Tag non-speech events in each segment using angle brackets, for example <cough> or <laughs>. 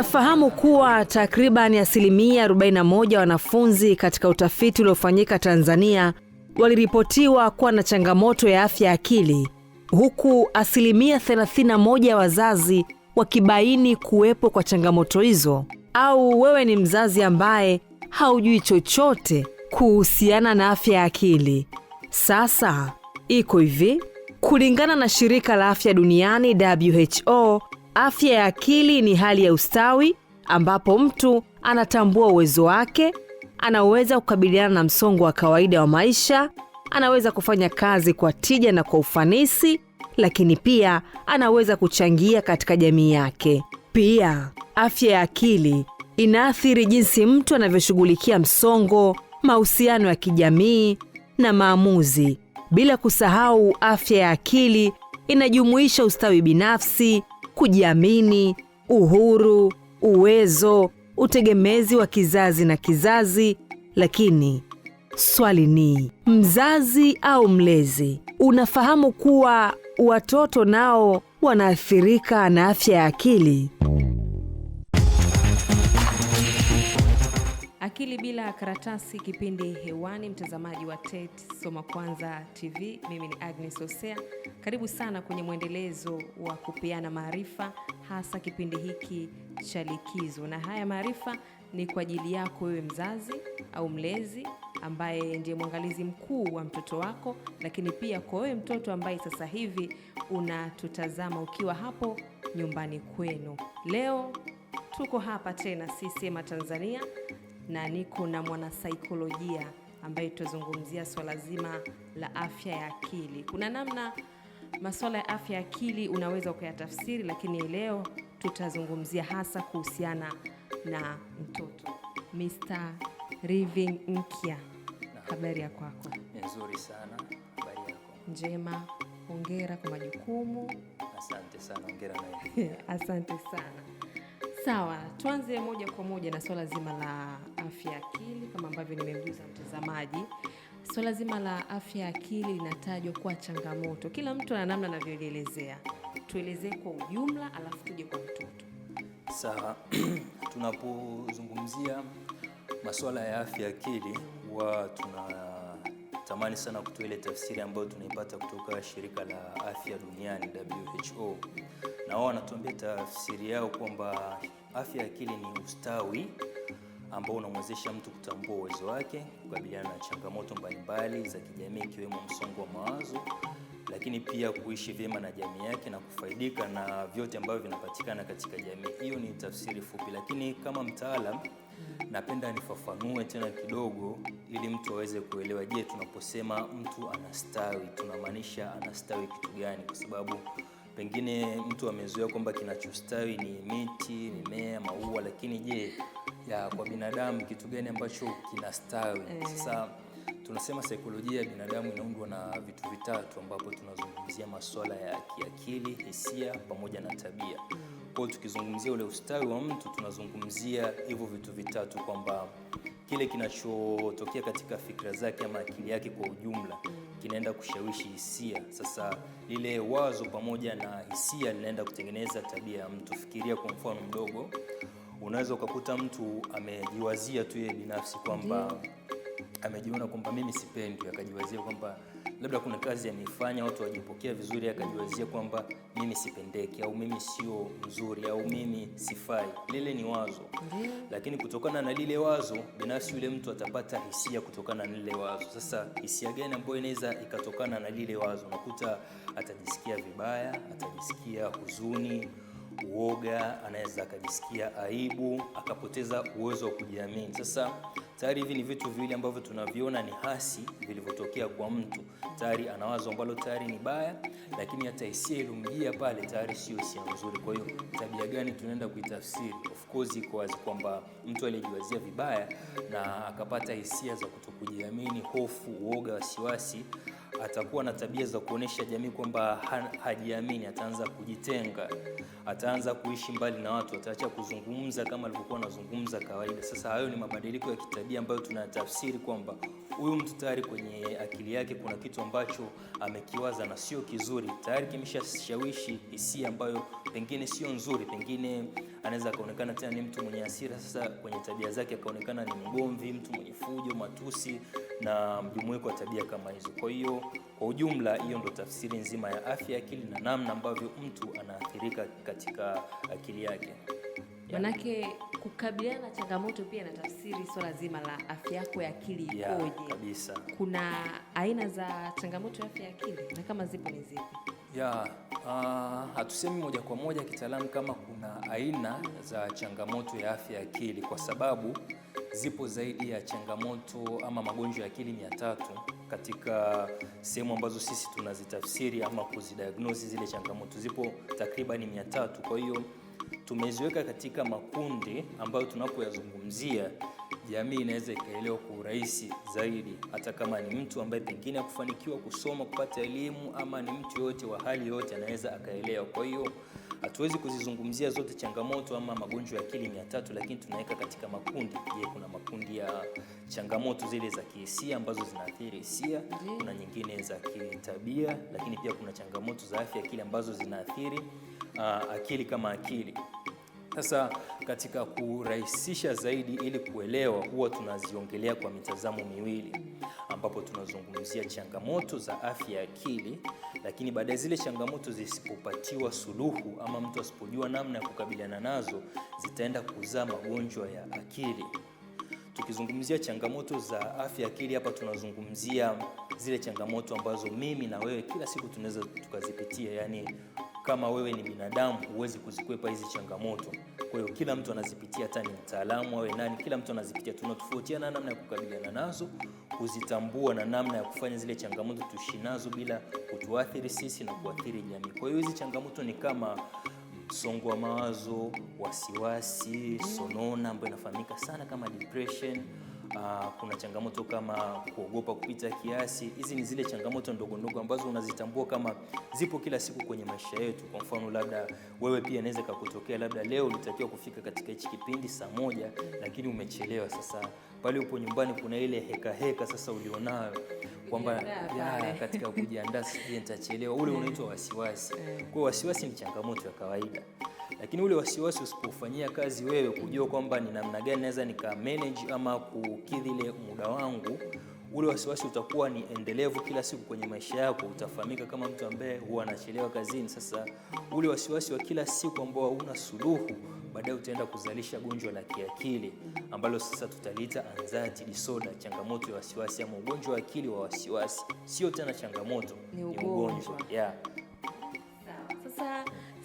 Tunafahamu kuwa takriban asilimia 41 wanafunzi katika utafiti uliofanyika Tanzania waliripotiwa kuwa na changamoto ya afya ya akili, huku asilimia 31 ya wazazi wakibaini kuwepo kwa changamoto hizo. Au wewe ni mzazi ambaye haujui chochote kuhusiana na afya ya akili? Sasa iko hivi, kulingana na shirika la afya duniani WHO Afya ya akili ni hali ya ustawi ambapo mtu anatambua uwezo wake, anaweza kukabiliana na msongo wa kawaida wa maisha, anaweza kufanya kazi kwa tija na kwa ufanisi, lakini pia anaweza kuchangia katika jamii yake. Pia afya ya akili inaathiri jinsi mtu anavyoshughulikia msongo, mahusiano ya kijamii na maamuzi. Bila kusahau, afya ya akili inajumuisha ustawi binafsi, kujiamini, uhuru, uwezo, utegemezi wa kizazi na kizazi. Lakini swali ni, mzazi au mlezi, unafahamu kuwa watoto nao wanaathirika na afya ya akili? Akili bila karatasi, kipindi hewani, mtazamaji wa TET Soma Kwanza TV. Mimi ni Agnes Osea, karibu sana kwenye mwendelezo wa kupeana maarifa, hasa kipindi hiki cha likizo, na haya maarifa ni kwa ajili yako wewe mzazi au mlezi ambaye ndiye mwangalizi mkuu wa mtoto wako, lakini pia kwa wewe mtoto ambaye sasa hivi unatutazama ukiwa hapo nyumbani kwenu. Leo tuko hapa tena CCM Tanzania na niko na mwanasaikolojia ambaye tutazungumzia swala zima la afya ya akili. Kuna namna masuala ya afya ya akili unaweza ukayatafsiri, lakini leo tutazungumzia hasa kuhusiana na mtoto. Mr. Riving Nkya, habari ya kwako? Nzuri sana, habari yako? Njema, hongera kwa majukumu. Asante sana, hongera na <laughs> asante sana. Sawa, tuanze moja kwa moja na swala zima la afya ya akili. Kama ambavyo nimeguza mtazamaji, swala zima la afya ya akili linatajwa kuwa changamoto, kila mtu ana namna anavyoelezea. Tuelezee kwa ujumla, alafu tuje kwa mtoto. Sawa, <clears throat> tunapozungumzia masuala ya afya ya akili huwa tuna tamani sana kutoa ile tafsiri ambayo tunaipata kutoka shirika la afya duniani WHO, na wao wanatuambia tafsiri yao kwamba afya ya akili ni ustawi ambao unamwezesha mtu kutambua uwezo wake, kukabiliana na changamoto mbalimbali za kijamii ikiwemo msongo wa mawazo, lakini pia kuishi vyema na jamii yake na kufaidika na vyote ambavyo vinapatikana katika jamii. Hiyo ni tafsiri fupi, lakini kama mtaalam Napenda nifafanue tena kidogo ili mtu aweze kuelewa. Je, tunaposema mtu anastawi tunamaanisha anastawi kitu gani? Kwa sababu pengine mtu amezoea kwamba kinachostawi ni miti, mimea, maua, lakini je, ya kwa binadamu kitu gani ambacho kinastawi? Eh. Sasa tunasema saikolojia ya binadamu inaundwa na vitu vitatu, ambapo tunazungumzia masuala ya kiakili, hisia pamoja na tabia. Mm. Kwa tukizungumzia ule ustawi wa mtu, tunazungumzia hivyo vitu vitatu, kwamba kile kinachotokea katika fikra zake ama akili yake kwa ujumla kinaenda kushawishi hisia. Sasa lile wazo pamoja na hisia linaenda kutengeneza tabia ya mtu. Fikiria kwa mfano mdogo, unaweza ukakuta mtu amejiwazia tu yeye binafsi kwamba amejiona kwamba mimi sipendwi, akajiwazia kwamba labda kuna kazi ameifanya watu wajipokea vizuri, akajiwazia kwamba mimi sipendeki au mimi sio mzuri au mimi sifai. Lile ni wazo, lakini kutokana na lile wazo binafsi yule mtu atapata hisia kutokana na lile wazo. Sasa hisia gani ambayo inaweza ikatokana na lile wazo? Unakuta atajisikia vibaya, atajisikia huzuni uoga, anaweza akajisikia aibu, akapoteza uwezo wa kujiamini. Sasa tayari hivi ni vitu viwili ambavyo tunaviona ni hasi vilivyotokea kwa mtu. Tayari ana wazo ambalo tayari ni baya, lakini hata hisia ilomjia pale tayari sio hisia nzuri. Kwa hiyo tabia gani tunaenda kuitafsiri? Of course iko wazi kwamba mtu aliyejiwazia vibaya na akapata hisia za kutokujiamini, hofu, uoga, wasiwasi atakuwa na tabia za kuonesha jamii kwamba hajiamini, ataanza kujitenga, ataanza kuishi mbali na watu, ataacha kuzungumza kama alivyokuwa anazungumza kawaida. Sasa hayo ni mabadiliko ya kitabia ambayo tunatafsiri kwamba huyu mtu tayari kwenye akili yake kuna kitu ambacho amekiwaza na sio kizuri, tayari kimeshashawishi hisia ambayo pengine sio nzuri, pengine anaweza akaonekana tena ni mtu mwenye hasira. Sasa kwenye tabia zake akaonekana ni mgomvi, mtu mwenye fujo, matusi na mjumuiko wa tabia kama hizo. Kwa hiyo kwa ujumla, hiyo ndo tafsiri nzima ya afya ya akili na namna ambavyo mtu anaathirika katika akili yake. Manake kukabiliana na changamoto pia na tafsiri swala zima la afya yako ya akili ikoje? Kabisa. Kuna aina za changamoto ya afya ya akili na kama zipo ni zipi? Ya. Uh, hatusemi moja kwa moja kitaalamu kama kuna aina za changamoto ya afya ya akili kwa sababu zipo zaidi ya changamoto ama magonjwa ya akili mia tatu katika sehemu ambazo sisi tunazitafsiri ama kuzidiagnosi zile changamoto, zipo takriban mia tatu. Kwa hiyo tumeziweka katika makundi ambayo tunapoyazungumzia jamii inaweza ikaelewa kwa urahisi zaidi, hata kama ni mtu ambaye pengine akufanikiwa kusoma kupata elimu, ama ni mtu yoyote wa hali yoyote anaweza akaelewa. Kwa hiyo hatuwezi kuzizungumzia zote changamoto ama magonjwa ya akili mia tatu, lakini tunaweka katika makundi. Je, kuna makundi ya changamoto zile za kihisia ambazo zinaathiri hisia, kuna nyingine za kitabia, lakini pia kuna changamoto za afya akili ambazo zinaathiri uh, akili kama akili sasa katika kurahisisha zaidi ili kuelewa, huwa tunaziongelea kwa mitazamo miwili, ambapo tunazungumzia changamoto za afya ya akili, lakini baadaye zile changamoto zisipopatiwa suluhu ama mtu asipojua namna ya kukabiliana nazo zitaenda kuzaa magonjwa ya akili. Tukizungumzia changamoto za afya ya akili hapa tunazungumzia zile changamoto ambazo mimi na wewe kila siku tunaweza tukazipitia, yani kama wewe ni binadamu huwezi kuzikwepa hizi changamoto. Kwa hiyo kila mtu anazipitia, hata ni mtaalamu awe nani, kila mtu anazipitia. Tunatofautiana namna ya kukabiliana nazo, kuzitambua na namna ya kufanya zile changamoto tuishi nazo bila kutuathiri sisi na kuathiri jamii. Kwa hiyo hizi changamoto ni kama msongo wa mawazo, wasiwasi, sonona ambayo inafahamika sana kama depression uh, kuna changamoto kama kuogopa kupita kiasi. Hizi ni zile changamoto ndogo ndogo ambazo unazitambua kama zipo kila siku kwenye maisha yetu. Kwa mfano, labda wewe pia inaweza kukutokea, labda leo ulitakiwa kufika katika hichi kipindi saa moja, lakini umechelewa. Sasa pale upo nyumbani, kuna ile heka heka sasa ulionayo kwamba katika kujiandaa, sije nitachelewa, ule unaitwa wasiwasi. <laughs> Eh. Kwa wasiwasi ni changamoto ya kawaida. Lakini ule wasiwasi usipofanyia kazi wewe, kujua kwamba ni namna gani naweza nika manage ama kukidhi ile muda wangu, ule wasiwasi utakuwa ni endelevu kila siku kwenye maisha yako. Utafahamika kama mtu ambaye huwa anachelewa kazini. Sasa ule wasiwasi wa kila siku ambao hauna suluhu, baadaye utaenda kuzalisha gonjwa la kiakili ambalo sasa tutaliita anxiety disorder, changamoto ya wasiwasi ama ugonjwa wa akili wa wasiwasi. Sio tena changamoto, ni ugonjwa, ni ugonjwa. Yeah.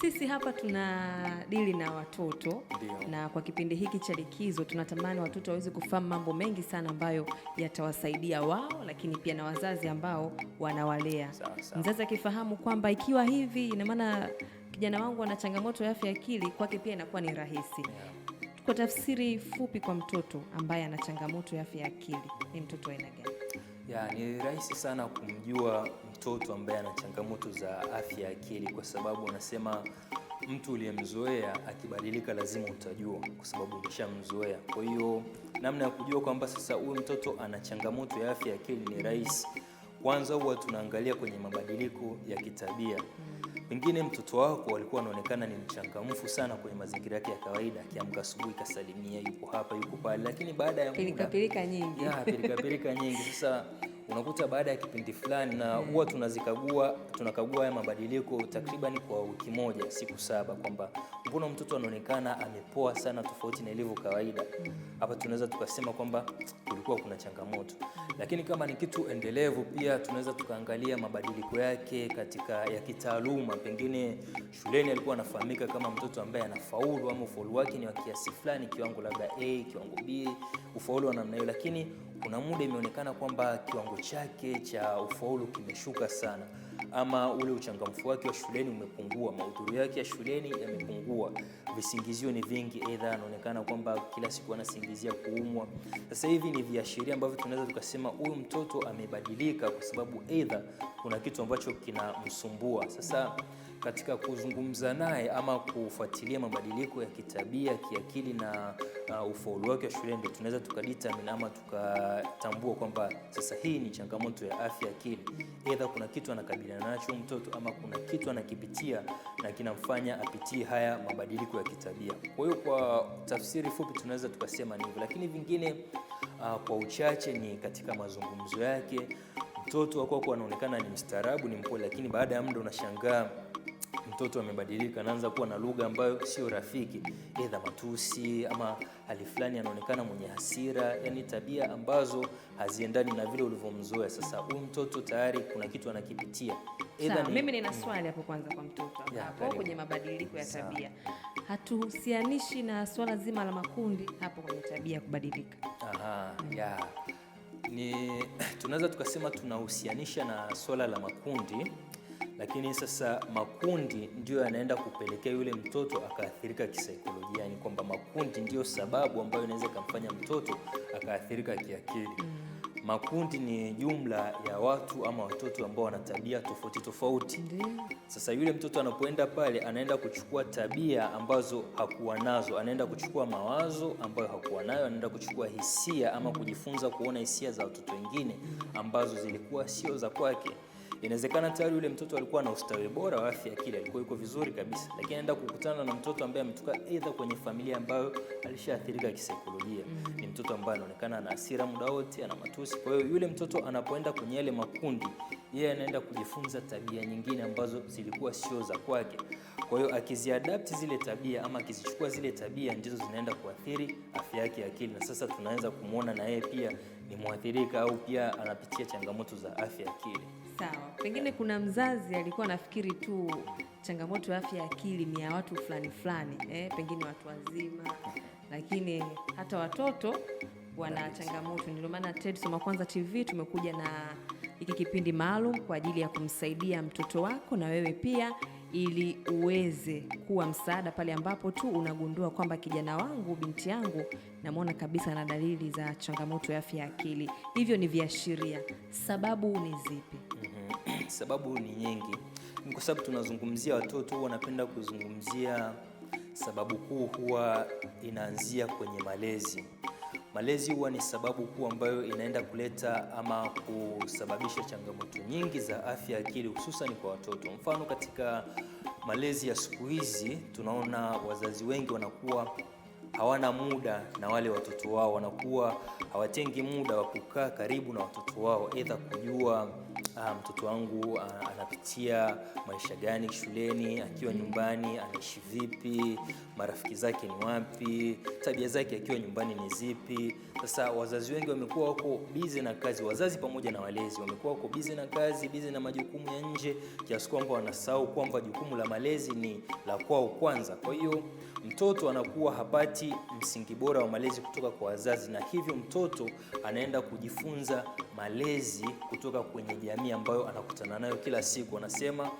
Sisi hapa tuna dili na watoto Dio. Na kwa kipindi hiki cha likizo tunatamani watoto waweze kufahamu mambo mengi sana ambayo yatawasaidia wao, lakini pia na wazazi ambao wanawalea. Mzazi akifahamu kwamba ikiwa hivi, ina maana kijana wangu ana changamoto ya afya akili, kwake pia inakuwa ni rahisi yeah. Kwa tafsiri fupi, kwa mtoto ambaye ana changamoto ya afya akili, ni mtoto aina gani? Yeah, ni rahisi sana kumjua mtoto ambaye ana changamoto za afya ya akili, kwa sababu anasema mtu uliyemzoea akibadilika lazima utajua, kwa sababu umeshamzoea. Kwa hiyo namna ya kujua kwamba sasa huyu mtoto ana changamoto ya afya ya akili ni rahisi. Kwanza huwa tunaangalia kwenye mabadiliko ya kitabia. Pengine mtoto wako alikuwa anaonekana ni mchangamfu sana kwenye mazingira yake ya kawaida, akiamka asubuhi kasalimia, yuko hapa, yuko pale, lakini baada ya muda pilika pilika nyingi, ya pilika pilika nyingi <laughs> sasa unakuta baada ya kipindi fulani, na mm-hmm. huwa tunazikagua tunakagua haya mabadiliko takriban kwa wiki moja, siku saba, kwamba mbona mtoto anaonekana amepoa sana tofauti na ilivyo kawaida. Mm-hmm. Hapa tunaweza tukasema kwamba kulikuwa kuna changamoto, lakini kama ni kitu endelevu, pia tunaweza tukaangalia mabadiliko yake katika ya kitaaluma. Pengine shuleni alikuwa anafahamika kama mtoto ambaye anafaulu ama ufaulu wake ni wa kiasi fulani, kiwango labda A, kiwango B, ufaulu wa namna hiyo, lakini kuna muda imeonekana kwamba kiwango chake cha ufaulu kimeshuka sana, ama ule uchangamfu wake wa shuleni umepungua, mahudhurio yake ya shuleni yamepungua, visingizio ni vingi, aidha anaonekana kwamba kila siku anasingizia kuumwa. Sasa hivi ni viashiria ambavyo tunaweza tukasema huyu mtoto amebadilika, kwa sababu aidha kuna kitu ambacho kinamsumbua sasa katika kuzungumza naye ama kufuatilia mabadiliko ya kitabia, kiakili na uh, ufaulu wake wa ndio tunaweza tukadetermine ama tukatambua kwamba sasa hii ni changamoto ya afya akili, aidha kuna kitu anakabiliana nacho mtoto ama kuna kitu anakipitia na kinamfanya apitie haya mabadiliko ya kitabia. Kwa hiyo kwa tafsiri fupi tunaweza tukasema ni hivyo, lakini vingine uh, kwa uchache ni katika mazungumzo yake mtoto wako anaonekana ni mstaarabu, ni mpole, lakini baada ya muda unashangaa mtoto amebadilika, anaanza kuwa na lugha ambayo sio rafiki, edha matusi ama hali fulani, anaonekana mwenye hasira, yani tabia ambazo haziendani na vile ulivyomzoea. Sasa huyu mtoto tayari kuna kitu anakipitia. Aidha ni... mimi nina swali hapo kwanza kwa mtoto hapo kwenye mabadiliko ya tabia, hatuhusianishi na swala zima la makundi hapo kwenye tabia kubadilika. Aha, hmm. yeah. Ni <clears throat> tunaweza tukasema tunahusianisha na swala la makundi lakini sasa makundi ndiyo yanaenda kupelekea yule mtoto akaathirika kisaikolojia, yani kwamba makundi ndiyo sababu ambayo inaweza ikamfanya mtoto akaathirika kiakili. Mm. Makundi ni jumla ya watu ama watoto ambao wana tabia tofauti tofauti. Sasa yule mtoto anapoenda pale, anaenda kuchukua tabia ambazo hakuwa nazo, anaenda kuchukua mawazo ambayo hakuwa nayo, anaenda kuchukua hisia ama mm. kujifunza kuona hisia za watoto wengine mm. ambazo zilikuwa sio za kwake. Inawezekana tayari yule mtoto alikuwa na ustawi bora wa afya akili, alikuwa yuko vizuri kabisa, lakini anaenda kukutana na mtoto ambaye ametoka aidha kwenye familia ambayo alishaathirika kisaikolojia. mm -hmm. Ni mtoto ambaye anaonekana ana hasira muda wote, ana matusi. Kwa hiyo yule mtoto anapoenda kwenye yale makundi, yeye anaenda kujifunza tabia nyingine ambazo zilikuwa sio za kwake. Kwa hiyo akiziadapti zile tabia ama akizichukua zile tabia, ndizo zinaenda kuathiri afya yake ya akili, na sasa tunaanza kumwona na yeye pia ni mwathirika au pia anapitia changamoto za afya ya akili. Sawa, pengine kuna mzazi alikuwa anafikiri tu changamoto ya afya ya akili ni ya watu fulani fulani, eh, pengine watu wazima, lakini hata watoto wana changamoto. Ndio maana TED Soma Kwanza TV tumekuja na hiki kipindi maalum kwa ajili ya kumsaidia mtoto wako na wewe pia, ili uweze kuwa msaada pale ambapo tu unagundua kwamba kijana wangu, binti yangu, namwona kabisa na dalili za changamoto ya afya ya akili. Hivyo ni viashiria, sababu ni zipi? sababu ni nyingi, ni kwa sababu tunazungumzia watoto, wanapenda kuzungumzia. Sababu kuu huwa inaanzia kwenye malezi. Malezi huwa ni sababu kuu ambayo inaenda kuleta ama kusababisha changamoto nyingi za afya akili, hususan kwa watoto. Mfano, katika malezi ya siku hizi tunaona wazazi wengi wanakuwa hawana muda na wale watoto wao, wanakuwa hawatengi muda wa kukaa karibu na watoto wao, aidha kujua Ah, mtoto wangu ah, anapitia maisha gani shuleni, akiwa nyumbani anaishi vipi, marafiki zake ni wapi, tabia zake akiwa nyumbani ni zipi. Sasa wazazi wengi wamekuwa wako bize na kazi, wazazi pamoja na walezi wamekuwa wako bize na kazi, bize na majukumu ya nje, kiasi kwamba wanasahau kwamba jukumu la malezi ni la kwao kwanza. Kwa hiyo mtoto anakuwa hapati msingi bora wa malezi kutoka kwa wazazi, na hivyo mtoto anaenda kujifunza malezi kutoka kwenye jamii ambayo anakutana nayo kila siku. Anasema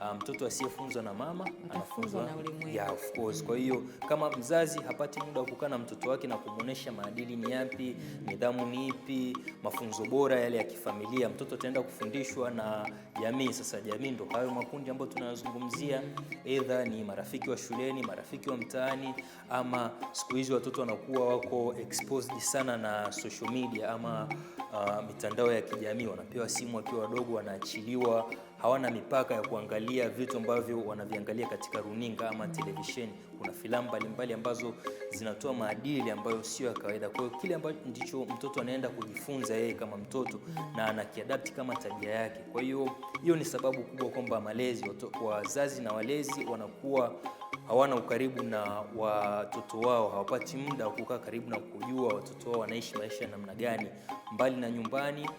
ah, mtoto um, asiyefunzwa na mama anafunzwa na ulimwengu. Yeah, of course. Kwa hiyo kama mzazi hapati muda wa kukaa na mtoto wake na kumuonesha maadili ni yapi, nidhamu ni ipi, mafunzo bora yale ya kifamilia, mtoto ataenda kufundishwa na jamii. Sasa jamii ndo hayo makundi ambayo tunayozungumzia, aidha ni marafiki wa shuleni, marafiki wa mtaani, ama siku hizi watoto wanakuwa wako exposed sana na social media ama uh, mitandao ya kijamii, wanapewa simu wakiwa wadogo, wanaachiliwa, hawana mipaka ya kuangalia vitu ambavyo wanaviangalia katika runinga ama televisheni. Kuna filamu mbalimbali ambazo zinatoa maadili ambayo sio ya kawaida. Kwa hiyo kile ambacho ndicho mtoto anaenda kujifunza yeye kama mtoto na anakiadapti kama tabia yake. Kwa hiyo hiyo ni sababu kubwa kwamba malezi, wazazi na walezi wanakuwa hawana ukaribu na watoto wao, hawapati muda wa kukaa karibu na kujua watoto wao wanaishi maisha namna gani, mbali na nyumbani,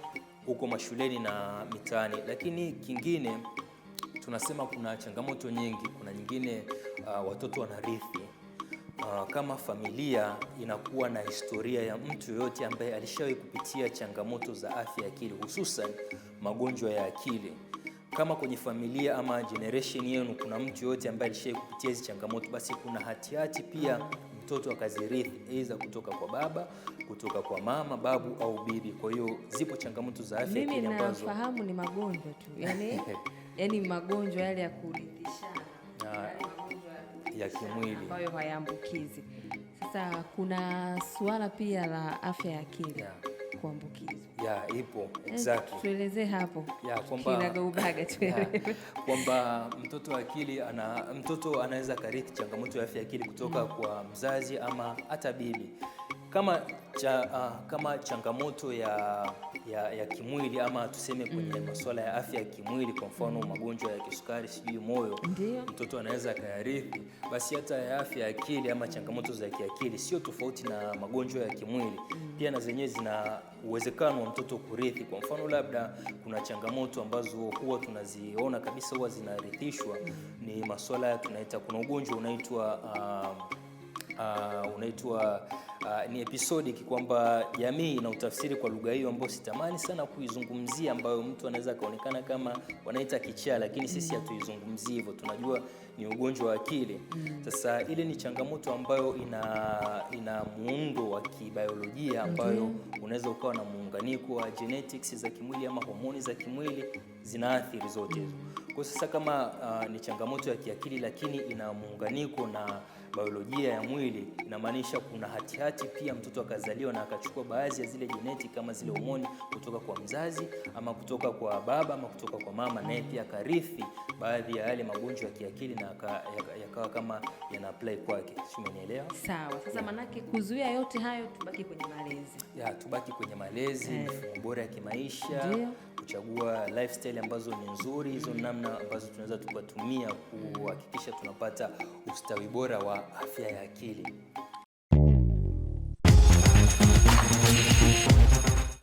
huko mashuleni na mitaani. Lakini kingine tunasema kuna changamoto nyingi. Kuna nyingine uh, watoto wanarithi uh, kama familia inakuwa na historia ya mtu yoyote ambaye alishawahi kupitia changamoto za afya ya akili, hususan magonjwa ya akili. Kama kwenye familia ama generation yenu kuna mtu yoyote ambaye alishai kupitia hizi changamoto, basi kuna hatihati pia mtoto akazirithi, aidha kutoka kwa baba, kutoka kwa mama, babu au bibi. Kwa hiyo zipo changamoto za afya mimi ambazo nafahamu ni magonjwa tu yani, <laughs> yani magonjwa yale ya kurithishana ya kimwili ambayo hayaambukizi. Sasa kuna suala pia la afya ya akili yeah kuambukizwa. Yeah, ipo exactly. Eh, tuelezee hapo yeah, kinagaubaga <laughs> tuelewe kwamba mtoto akili ana mtoto anaweza kariki changamoto ya afya akili kutoka mm. kwa mzazi ama hata bibi kama, cha, uh, kama changamoto ya, ya, ya kimwili ama tuseme kwenye mm. masuala ya afya ya kimwili, kwa mfano mm. magonjwa ya kisukari, sijui moyo, Ndiyo. mtoto anaweza akayarithi, basi hata ya afya ya akili ama changamoto za kiakili sio tofauti na magonjwa ya kimwili mm. pia na zenyewe zina uwezekano wa mtoto kurithi. Kwa mfano labda kuna changamoto ambazo huwa tunaziona kabisa huwa zinarithishwa mm. ni masuala tunaita, kuna ugonjwa unaitwa uh, uh, unaitwa uh, ni episodi kwamba jamii ina utafsiri kwa lugha hiyo ambayo sitamani sana kuizungumzia, ambayo mtu anaweza akaonekana kama wanaita kichaa, lakini sisi mm. hatuizungumzii hivyo, tunajua ni ugonjwa wa akili. Mm. Sasa ile ni changamoto ambayo ina ina muundo wa kibiolojia mm-hmm. ambayo unaweza ukawa na muunganiko wa genetics za kimwili ama homoni za kimwili zinaathiri zote hizo. Mm. Kwa sasa kama uh, ni changamoto ya kiakili lakini ina muunganiko na biolojia ya mwili, inamaanisha kuna hatihati hati pia mtoto akazaliwa na akachukua baadhi ya zile jeneti kama zile homoni kutoka kwa mzazi ama kutoka kwa baba ama kutoka kwa mama, naye pia akarithi baadhi ya yale magonjwa ya kiakili na yakawa kama yana apply kwake. Si umenielewa? Sawa. Sasa manake kuzuia yote hayo, tubaki kwenye malezi ya, tubaki kwenye malezi, eh. mifumo bora ya kimaisha Dio kuchagua lifestyle ambazo ni nzuri, hizo namna ambazo tunaweza tukatumia kuhakikisha tunapata ustawi bora wa afya ya akili.